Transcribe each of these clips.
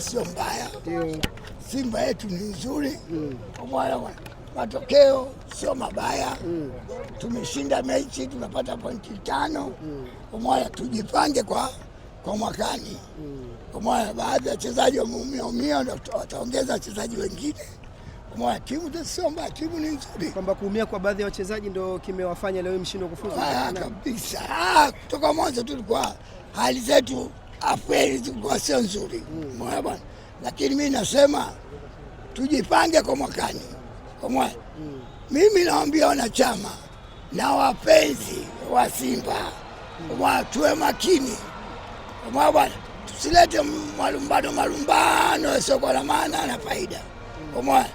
sio mbaya, Simba yetu ni nzuri mm. Matokeo sio mabaya mm. Tumeshinda mechi tunapata pointi tano mm. mm. Tujipange kwa, kwa mwakani mm. mm. Baadhi ya wachezaji wameumia umia, wataongeza wachezaji wengine bwana. Timu sio mbaya, timu ni nzuri. Kwamba kuumia kwa baadhi ya wachezaji ndio kimewafanya leo mshindo kufuzu ah, kabisa. Ah, kutoka mwanzo tulikuwa hali zetu Afeli tulikuwa sio nzuri mwana mm, lakini mi nasema tujipange kwa mwakani kwa mimi naambia wanachama na wapenzi wa Simba tuwe makini mwana bwana, tusilete malumbano malumbano yasiokuwa na maana na faida mwana,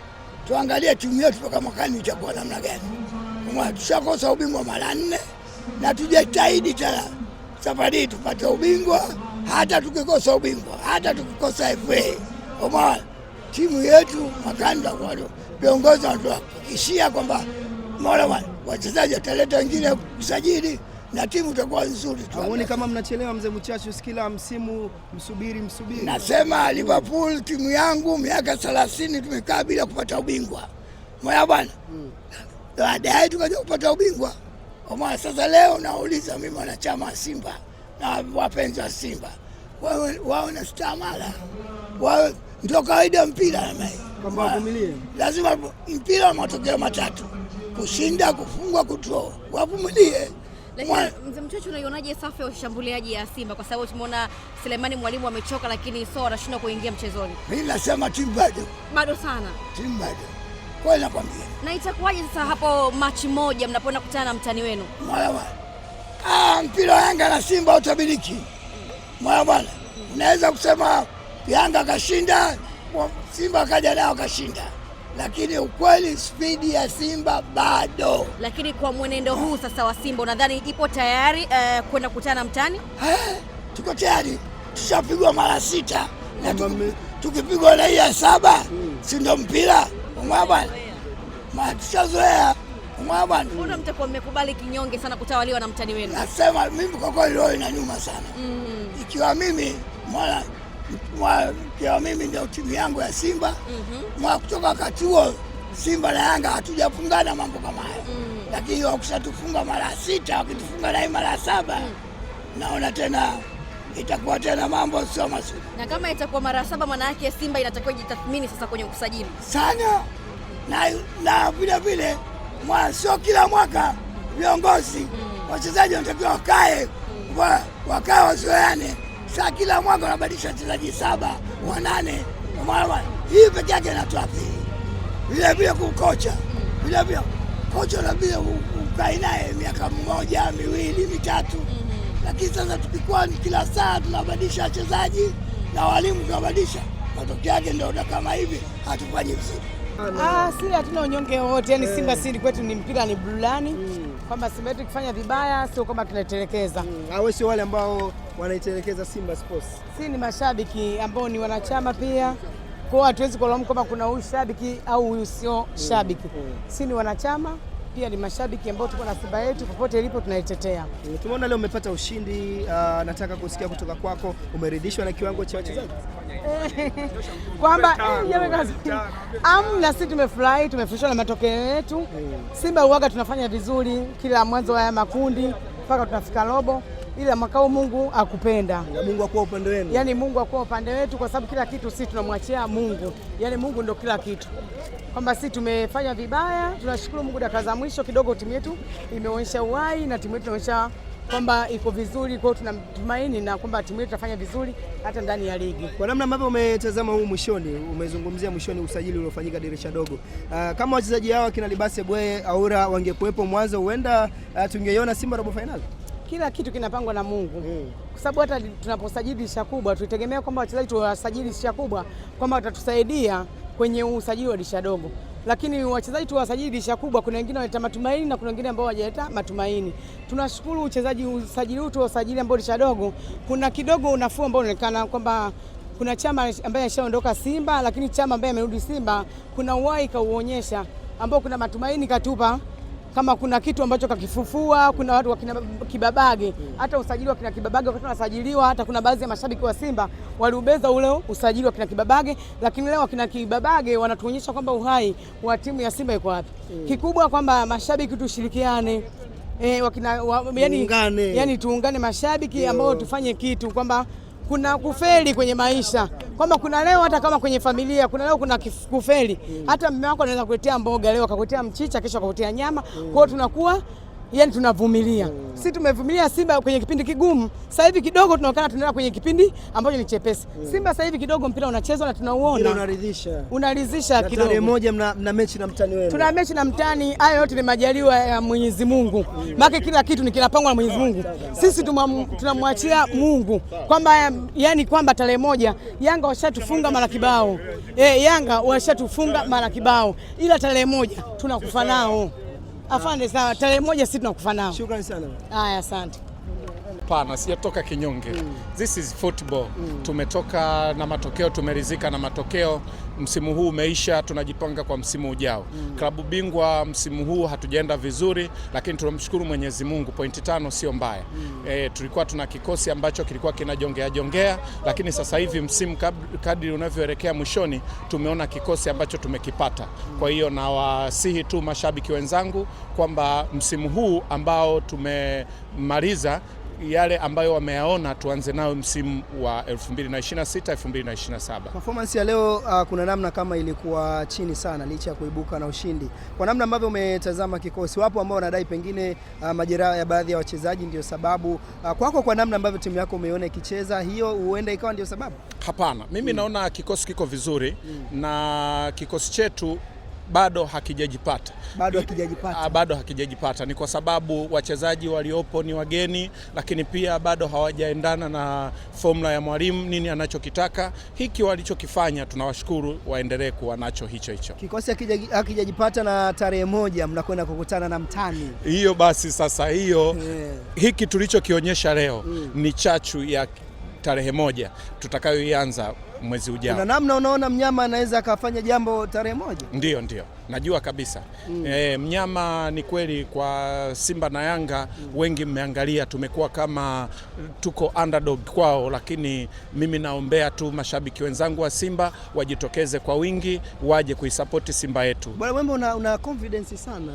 tuangalie timu yetu mpaka mwakani itakuwa namna gani mwana. Tushakosa ubingwa mara nne na tujitahidi tena safari hii tupate ubingwa hata tukikosa ubingwa, hata tukikosa FA Omar, timu yetu makanda kwa viongozi wanatuhakikishia kwamba Mola wachezaji wataleta wengine kusajili na timu itakuwa nzuri tu. kama mnachelewa, mzee Mchachu, kila msimu msubiri msubiri. Nasema Liverpool timu yangu miaka 30 tumekaa bila kupata ubingwa. Moya bwana. Hmm. Baadaye tukaja kupata ubingwa. Omar, sasa leo nauliza mimi wanachama wa Simba na wapenzi wa Simba wawe, wawe na stamina, wawe ndio kawaida mpira wa, lazima mpira wa matokeo matatu, kushinda, kufungwa, kudraw, wavumilie. Mzee Mchochu, unaionaje safu ya washambuliaji ya Simba kwa sababu tumeona Selemani Mwalimu amechoka, lakini so anashindwa kuingia mchezoni. Mimi nasema timu bado bado sana, timu bado kwa nakwambia. Na itakuwaje sasa hapo machi moja mnapoenda kukutana na mtani wenu? Mwalawa. Ah, mpira wa Yanga na Simba utabiriki mwana bwana, unaweza kusema Yanga kashinda, Simba akaja nao kashinda, lakini ukweli spidi ya Simba bado. Lakini kwa mwenendo huu sasa wa Simba, unadhani ipo tayari uh, kwenda kukutana mtani? tuko tayari, tushapigwa mara sita na tukipigwa na hii ya saba, si ndo mpira mwana bwana, tushazoea. Kumwaba mbona mtakuwa mmekubali kinyonge sana kutawaliwa na mtani wenu? Nasema mimi kwa kweli roho ina nyuma sana mm. Ikiwa mimi mwana ikiwa mimi ndio timu yangu ya Simba mhm. mwa kutoka wakati huo Simba na Yanga hatujafungana mambo kama hayo mm. Lakini wakushatufunga mara sita, wakitufunga nai mara saba mm. Naona tena itakuwa tena mambo sio mazuri, na kama itakuwa mara saba, maana yake Simba inatakiwa jitathmini sasa kwenye usajili sana na, na vile vile mwa sio kila mwaka viongozi mm. wachezaji wanatakiwa wakae wakae wazoeane. Saa kila mwaka wanabadilisha wachezaji saba wanane, hii peke yake inatuathiri. Vile vile kukocha, vile vile kocha nabidi ukae naye miaka mmoja miwili mitatu, mm-hmm. lakini sasa tukikwani kila saa tunabadilisha wachezaji na walimu tunabadilisha, matokeo yake ndio kama hivi, hatufanyi vizuri. Ah, si hatuna unyonge wote yani yeah. Simba siri kwetu ni mpira ni burudani mm. Kwamba Simba yetu ikifanya vibaya sio kwamba tunaitelekeza mm. Sio wale ambao wanaitelekeza Simba Sports, si ni mashabiki ambao ni wanachama pia kwao, hatuwezi kulaumu kwamba kuna huyu shabiki au huyu sio hmm. shabiki mm. Mm. Si ni wanachama pia ni mashabiki ambao tuko na Simba yetu popote ilipo tunaitetea. Tumeona leo umepata ushindi. Uh, nataka kusikia kutoka kwako, umeridhishwa na kiwango cha wachezaji? kwamba eh, amna, si tumefurahi, tumefurahishwa na matokeo yetu. Eh. Simba uwaga tunafanya vizuri kila mwanzo haya makundi mpaka tunafika robo, ila mwaka huu Mungu akupenda, Mungu akuwa upande wenu, yani Mungu akuwa upande wetu, kwa sababu kila kitu sisi tunamwachia Mungu, yani Mungu ndo kila kitu, kwamba sisi tumefanya vibaya, tunashukuru Mungu. Dakika za mwisho kidogo timu yetu imeonyesha uhai na timu yetu imeonyesha kwamba iko vizuri, kwa hiyo tunamtumaini na kwamba timu yetu itafanya vizuri hata ndani ya ligi. Kwa namna ambavyo umetazama huu mwishoni, umezungumzia mwishoni usajili uliofanyika dirisha dogo, uh, kama wachezaji hawa kina Libase Bwe Aura wangekuwepo mwanzo huenda uh, tungeiona Simba robo fainali. Kila kitu kinapangwa na Mungu mm. Kwa sababu hata tunaposajili dirisha kubwa tulitegemea kwamba wachezaji tuwasajili dirisha kubwa kwamba watatusaidia kwenye usajili wa dirisha dogo lakini wachezaji tuwasajili dirisha kubwa. Kuna wengine wanaleta matumaini na kuna wengine ambao hawajaleta matumaini. Tunashukuru uchezaji usajili huu tuwasajili ambao dirisha dogo, kuna kidogo unafuu ambao unaonekana kwamba kuna Chama ambaye ashaondoka Simba, lakini Chama ambaye amerudi Simba kuna uwai kauonyesha ambao kuna matumaini katupa kama kuna kitu ambacho kakifufua, kuna watu wakina Kibabage, hata usajili wa kina Kibabage wakati wanasajiliwa, hata kuna baadhi ya mashabiki wa Simba waliubeza ule usajili wa kina Kibabage, lakini leo wakina Kibabage wanatuonyesha kwamba uhai wa timu ya Simba iko wapi. Mm. Kikubwa kwamba mashabiki tushirikiane E, wakina, wa, yani, yani tuungane mashabiki ambao tufanye kitu kwamba kuna kufeli kwenye maisha, kwamba kuna leo, hata kama kwenye familia, kuna leo kuna kufeli. Hata mume wako anaweza kuletea mboga leo, akakuletea mchicha, kesho akakuletea nyama. Kwa hiyo tunakuwa yani tunavumilia mm. Si tumevumilia Simba kwenye kipindi kigumu, sasa hivi kidogo tunaonekana tunaenda kwenye kipindi ambacho ni chepesi mm. Simba sasa hivi kidogo mpira unachezwa na tunauona unaridhisha, unaridhisha kidogo. Tarehe moja mna, mna mechi na mtani wenu. Tuna mechi na mtani, haya yote ni majaliwa ya Mwenyezi Mungu mm. Maana kila kitu ni kinapangwa na Mwenyezi Mungu, ah, sisi tunamwachia Mungu kwamba yani kwamba tarehe moja Yanga washatufunga mara kibao eh, Yanga washatufunga mara kibao, ila tarehe moja tunakufa nao. Afande sawa, tarehe moja sisi tunakufa nao. Shukrani sana. Haya, asante. Hapana, sijatoka kinyonge mm. This is football mm. Tumetoka na matokeo, tumeridhika na matokeo. Msimu huu umeisha, tunajipanga kwa msimu ujao mm. Klabu bingwa msimu huu hatujaenda vizuri, lakini tunamshukuru Mwenyezi Mungu, pointi tano sio mbaya mm. E, tulikuwa tuna kikosi ambacho kilikuwa kinajongea jongea, lakini sasa hivi msimu kadri unavyoelekea mwishoni, tumeona kikosi ambacho tumekipata mm. Kwa hiyo nawasihi tu mashabiki wenzangu kwamba msimu huu ambao tumemaliza yale ambayo wameyaona tuanze nayo msimu wa 2026 2027. Performance ya leo uh, kuna namna kama ilikuwa chini sana licha ya kuibuka na ushindi. Kwa namna ambavyo umetazama kikosi, wapo ambao wanadai pengine uh, majeraha ya baadhi ya wachezaji ndio sababu uh, kwako kwa, namna ambavyo timu yako umeiona ikicheza, hiyo huenda ikawa ndio sababu? Hapana, mimi mm. naona kikosi kiko vizuri mm. na kikosi chetu bado hakijajipata bado hakijajipata ah, bado hakijajipata. Ni kwa sababu wachezaji waliopo ni wageni, lakini pia bado hawajaendana na formula ya mwalimu, nini anachokitaka. Hiki walichokifanya tunawashukuru, waendelee kuwa nacho hicho hicho. Kikosi hakijajipata na tarehe moja mnakwenda kukutana na mtani, hiyo basi sasa hiyo yeah. Hiki tulichokionyesha leo mm. ni chachu ya tarehe moja tutakayoianza mwezi ujao. Na namna unaona mnyama anaweza akafanya jambo tarehe moja? Ndiyo, ndiyo, najua kabisa mm. E, mnyama ni kweli kwa Simba na Yanga mm. Wengi mmeangalia, tumekuwa kama tuko underdog kwao, lakini mimi naombea tu mashabiki wenzangu wa Simba wajitokeze kwa wingi, waje kuisapoti Simba yetu. Bwana Wembe, una, una confidence sana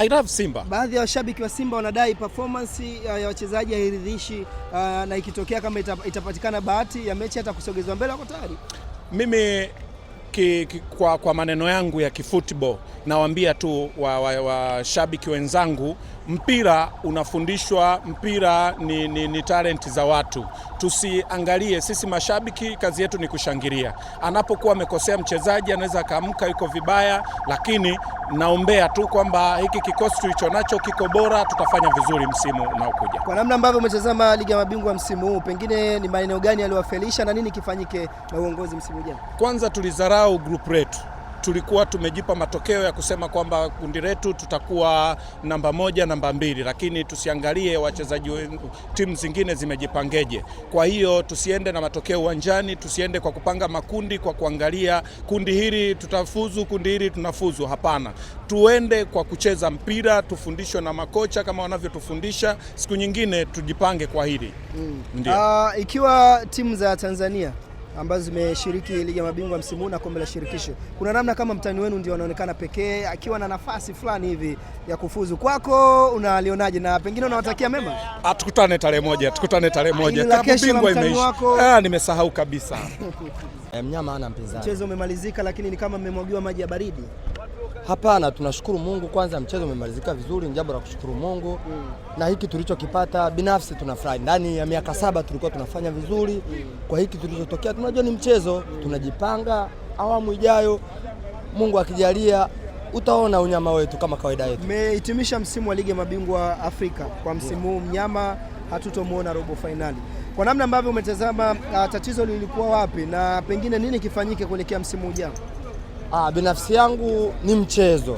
I love Simba. Baadhi ya washabiki wa Simba wanadai performance ya wachezaji hairidhishi, uh, na ikitokea kama itapatikana bahati ya mechi hata kusogezwa mbele, wako tayari. Mimi ki, ki, kwa, kwa maneno yangu ya kifootball nawaambia tu washabiki wa, wa wenzangu, mpira unafundishwa, mpira ni, ni, ni talenti za watu tusiangalie sisi mashabiki, kazi yetu ni kushangilia. Anapokuwa amekosea mchezaji, anaweza akaamka yuko vibaya, lakini naombea tu kwamba hiki kikosi tulicho nacho kiko bora, tutafanya vizuri msimu unaokuja. Kwa namna ambavyo umetazama ligi ya mabingwa msimu huu, pengine ni maeneo gani yaliwafelisha na nini kifanyike na uongozi msimu ujao? Kwanza tulidharau grupu letu tulikuwa tumejipa matokeo ya kusema kwamba kundi letu tutakuwa namba moja, namba mbili, lakini tusiangalie wachezaji timu zingine zimejipangeje. Kwa hiyo tusiende na matokeo uwanjani, tusiende kwa kupanga makundi kwa kuangalia kundi hili tutafuzu, kundi hili tunafuzu. Hapana, tuende kwa kucheza mpira, tufundishwe na makocha kama wanavyotufundisha siku nyingine, tujipange kwa hili mm. Ndio. Uh, ikiwa timu za Tanzania ambazo zimeshiriki ligi ya mabingwa msimu huu na kombe la shirikisho. Kuna namna kama mtani wenu ndio anaonekana pekee akiwa na nafasi fulani hivi ya kufuzu. Kwako unalionaje na pengine unawatakia mema? Ah, tukutane tarehe moja, tukutane tarehe moja. Klabu imeisha. Ah, nimesahau kabisa. Eh, mnyama ana mpinzani. Mchezo umemalizika, lakini ni kama mmemwagiwa maji ya baridi. Hapana, tunashukuru Mungu kwanza, mchezo umemalizika vizuri, ni jambo la kushukuru Mungu mm. na hiki tulichokipata binafsi tunafurahi. Ndani ya miaka saba tulikuwa tunafanya vizuri mm. kwa hiki tulichotokea, tunajua ni mchezo mm. tunajipanga, awamu ijayo Mungu akijalia utaona unyama wetu kama kawaida yetu. Mmehitimisha msimu wa ligi ya mabingwa Afrika kwa msimu huu, mnyama hatutomwona robo fainali. Kwa namna ambavyo umetazama, uh, tatizo lilikuwa wapi na pengine nini kifanyike kuelekea msimu ujao? Ah, binafsi yangu ni mchezo.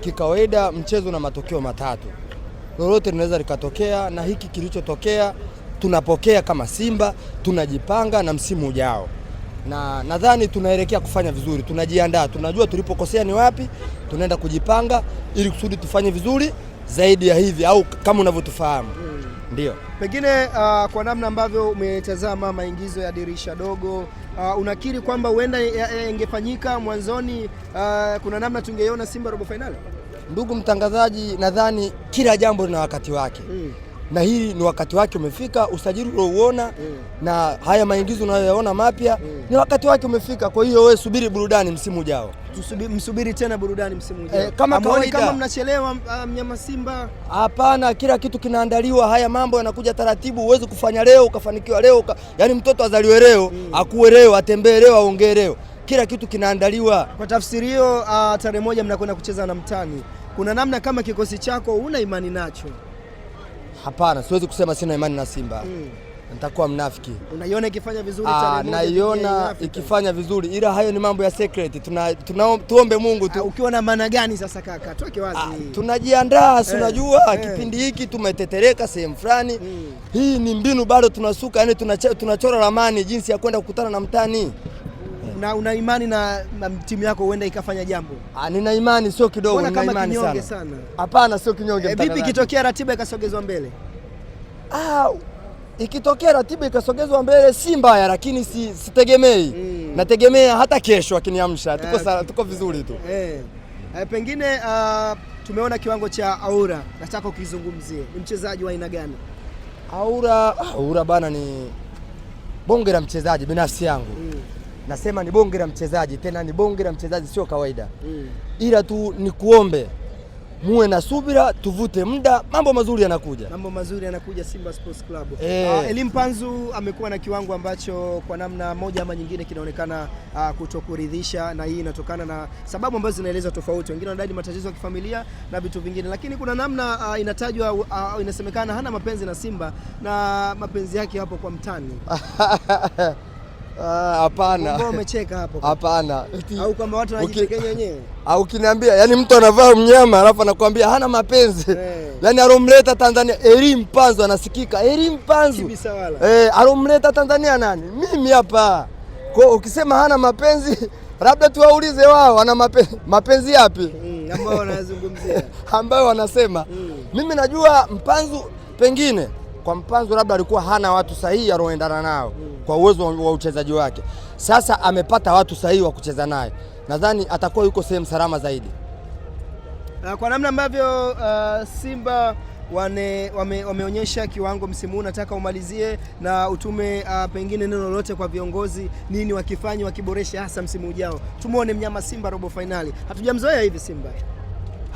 Kikawaida mchezo na matokeo matatu, lolote linaweza likatokea, na hiki kilichotokea tunapokea kama Simba, tunajipanga na msimu ujao, na nadhani tunaelekea kufanya vizuri. Tunajiandaa, tunajua tulipokosea ni wapi, tunaenda kujipanga ili kusudi tufanye vizuri zaidi ya hivi, au kama unavyotufahamu hmm. Ndio pengine uh, kwa namna ambavyo umetazama maingizo ya dirisha dogo Uh, unakiri kwamba huenda ingefanyika mwanzoni, uh, kuna namna tungeiona Simba robo finali? Ndugu mtangazaji, nadhani kila jambo lina wakati wake mm na hii ni wakati wake umefika. Usajili uliouona mm. na haya maingizo unayoyaona mapya mm. ni wakati wake umefika. Kwa hiyo wewe subiri burudani msimu ujao, msubiri tena burudani msimu ujao. E, kama kawaida kama mnachelewa ah, mnyama Simba, hapana, kila kitu kinaandaliwa. Haya mambo yanakuja taratibu, huwezi kufanya leo ukafanikiwa leo uka... yaani mtoto azaliwe leo mm. akuwe leo atembee leo aongee leo, kila kitu kinaandaliwa. Kwa tafsiri hiyo, uh, tarehe moja mnakwenda kucheza na mtani, kuna namna kama kikosi chako una imani nacho Hapana, siwezi kusema sina imani na Simba mm. Nitakuwa mnafiki. Unaiona ikifanya vizuri ah, Naiona ikifanya vizuri, ila hayo ni mambo ya secret. Tuna, tuna tuombe Mungu tu. Ah, ukiwa na maana gani sasa kaka? Tuweke wazi. Ah, tunajiandaa, si eh, unajua hey, eh. hey. Kipindi hiki tumetetereka sehemu fulani mm. Hii ni mbinu bado tunasuka, yani tunachora ramani jinsi ya kwenda kukutana na mtani una, una imani na, na timu yako huenda ikafanya jambo? Ah, nina imani sio kidogo, nina imani sana. Hapana, sio kinyonge. E, vipi ikitokea ratiba ikasogezwa mbele? Ah, ikitokea ratiba ikasogezwa mbele si mbaya, lakini si, sitegemei mm. Nategemea hata kesho akiniamsha eh, tuko, okay. Tuko vizuri tu eh. e, pengine uh, tumeona kiwango cha Aura, nataka ukizungumzie, ni mchezaji wa aina gani Aura? Ah, Aura bana ni bonge la mchezaji binafsi yangu mm nasema ni bonge la mchezaji, tena ni bonge la mchezaji sio kawaida mm. Ila tu ni kuombe muwe na subira, tuvute muda, mambo mazuri yanakuja, mambo mazuri yanakuja Simba Sports Club. E. Uh, Panzu amekuwa na kiwango ambacho kwa namna moja ama nyingine kinaonekana uh, kutokuridhisha, na hii inatokana na sababu ambazo zinaelezwa tofauti. Wengine wanadai matatizo ya kifamilia na vitu vingine, lakini kuna namna uh, inatajwa uh, inasemekana hana mapenzi na Simba na mapenzi yake hapo kwa mtani Ah, hapana. Umecheka hapo. Hapana. Au kama watu wenyewe. Au ukiniambia, yani mtu anavaa mnyama alafu anakuambia hana mapenzi. Hey. Eh. Yaani alomleta Tanzania Eli Mpanzu anasikika. Eli Mpanzu. Eh, alomleta Tanzania nani? Mimi hapa. Kwa ukisema hana mapenzi, labda tuwaulize wao ana mapenzi, mapenzi yapi? Mm, ambao wanazungumzia. Ambao wanasema. Mm. Mimi najua Mpanzu pengine kwa Mpanzu labda alikuwa hana watu sahihi anaoendana nao kwa uwezo wa uchezaji wake. Sasa amepata watu sahihi wa kucheza naye, nadhani atakuwa yuko sehemu salama zaidi ah, kwa namna ambavyo uh, Simba wane, wame, wameonyesha kiwango msimu huu. Nataka umalizie na utume uh, pengine neno lolote kwa viongozi, nini wakifanya wakiboresha hasa msimu ujao. Tumwone mnyama Simba robo fainali, hatujamzoea hivi Simba.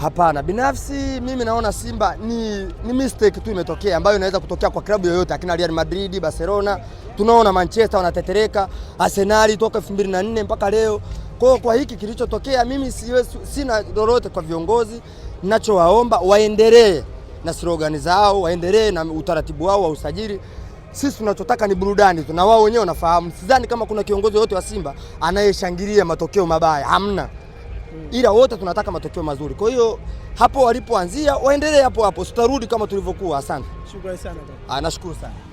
Hapana, binafsi mimi naona Simba ni, ni mistake tu imetokea ambayo inaweza kutokea kwa klabu yoyote, akina Real Madrid, Barcelona, tunaona Manchester wanatetereka, Arsenal toka 2004 mpaka leo. Kwa kwa hiki kilichotokea, mimi siwezi, sina lolote kwa viongozi, ninachowaomba waendelee na slogan zao, waendelee na utaratibu wao wa usajili. Sisi tunachotaka ni burudani tu, na wao wenyewe wanafahamu. Sidhani kama kuna kiongozi yoyote wa Simba anayeshangilia matokeo mabaya, hamna. Mm. ila wote tunataka matokeo mazuri. Kwa hiyo hapo walipoanzia waendelee hapo hapo, tutarudi kama tulivyokuwa. Asante, shukrani sana. Ah, nashukuru sana.